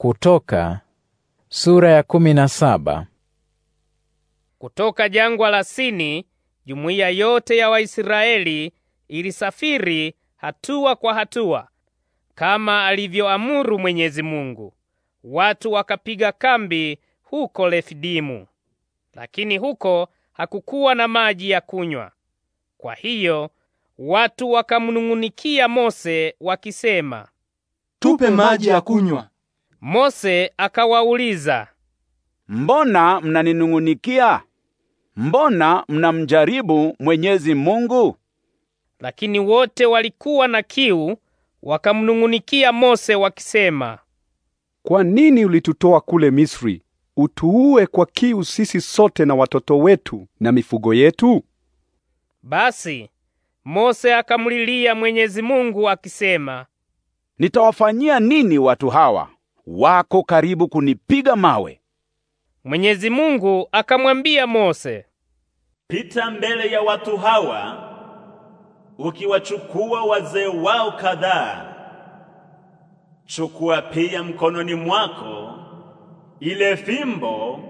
Kutoka sura ya kumi na saba. Kutoka jangwa la Sini, jumuiya yote ya Waisraeli ilisafiri hatua kwa hatua kama alivyoamuru Mwenyezi Mungu. Watu wakapiga kambi huko Refidimu, lakini huko hakukuwa na maji ya kunywa. Kwa hiyo watu wakamnung'unikia Mose wakisema, tupe maji ya kunywa. Mose akawauliza, Mbona mnaninung'unikia? Mbona mnamjaribu Mwenyezi Mungu? Lakini wote walikuwa na kiu, wakamnung'unikia Mose wakisema, Kwa nini ulitutoa kule Misri utuue kwa kiu sisi sote na watoto wetu na mifugo yetu? Basi Mose akamlilia Mwenyezi Mungu akisema, Nitawafanyia nini watu hawa? wako karibu kunipiga mawe. Mwenyezi Mungu akamwambia Mose, pita mbele ya watu hawa ukiwachukua wazee wao kadhaa. Chukua pia mkononi mwako ile fimbo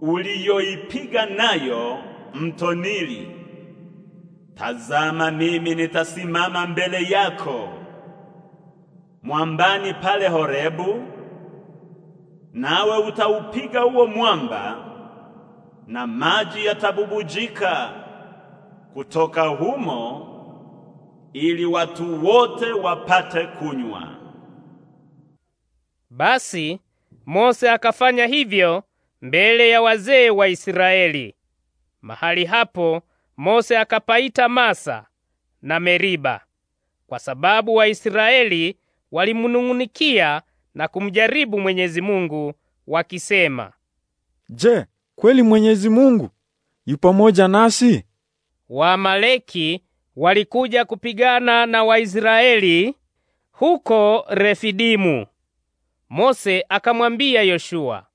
uliyoipiga nayo mto Nili. Tazama, mimi nitasimama mbele yako mwambani pale Horebu, nawe utaupiga huo mwamba na maji yatabubujika kutoka humo ili watu wote wapate kunywa. Basi Mose akafanya hivyo mbele ya wazee wa Israeli. Mahali hapo Mose akapaita Masa na Meriba, kwa sababu Waisraeli walimunung'unikia na kumjaribu Mwenyezi Mungu wakisema, Je, kweli Mwenyezi Mungu yu pamoja nasi? Waamaleki walikuja kupigana na Waisraeli huko Refidimu. Mose akamwambia Yoshua,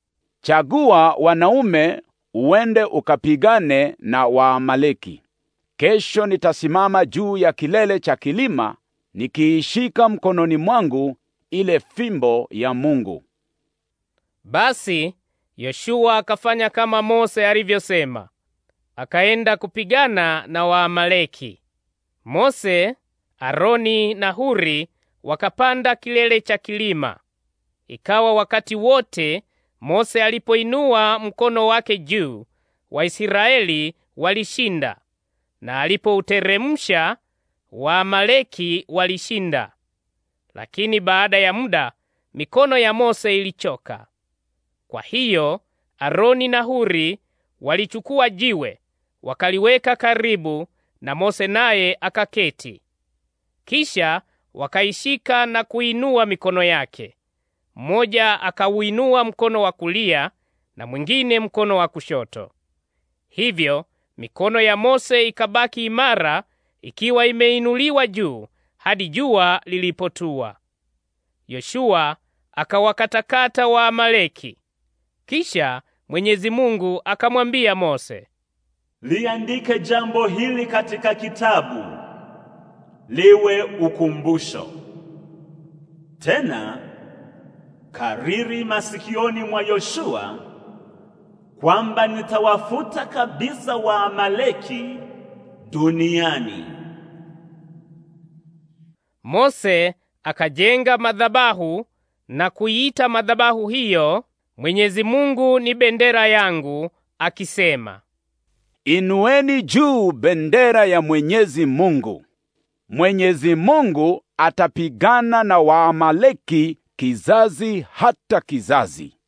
chagua wanaume uende ukapigane na Waamaleki. Kesho nitasimama juu ya kilele cha kilima nikiishika mkononi mwangu ile fimbo ya Mungu. Basi Yoshua akafanya kama Mose alivyosema, akaenda kupigana na Waamaleki. Mose, Aroni na Huri wakapanda kilele cha kilima. Ikawa wakati wote Mose alipoinua mkono wake juu, Waisraeli walishinda, na alipouteremsha Waamaleki walishinda, lakini baada ya muda mikono ya Mose ilichoka. Kwa hiyo Aroni na Huri walichukua jiwe wakaliweka karibu na Mose, naye akaketi. Kisha wakaishika na kuinua mikono yake, mmoja akauinua mkono wa kulia na mwingine mkono wa kushoto. Hivyo mikono ya Mose ikabaki imara ikiwa imeinuliwa juu hadi jua lilipotua. Yoshua akawakatakata wa amaleki Kisha Mwenyezi Mungu akamwambia Mose, liandike jambo hili katika kitabu, liwe ukumbusho. Tena kariri masikioni mwa Yoshua kwamba nitawafuta kabisa wa amaleki duniani. Mose akajenga madhabahu na kuiita madhabahu hiyo Mwenyezi Mungu ni bendera yangu, akisema, Inueni juu bendera ya Mwenyezi Mungu. Mwenyezi Mungu atapigana na Waamaleki kizazi hata kizazi.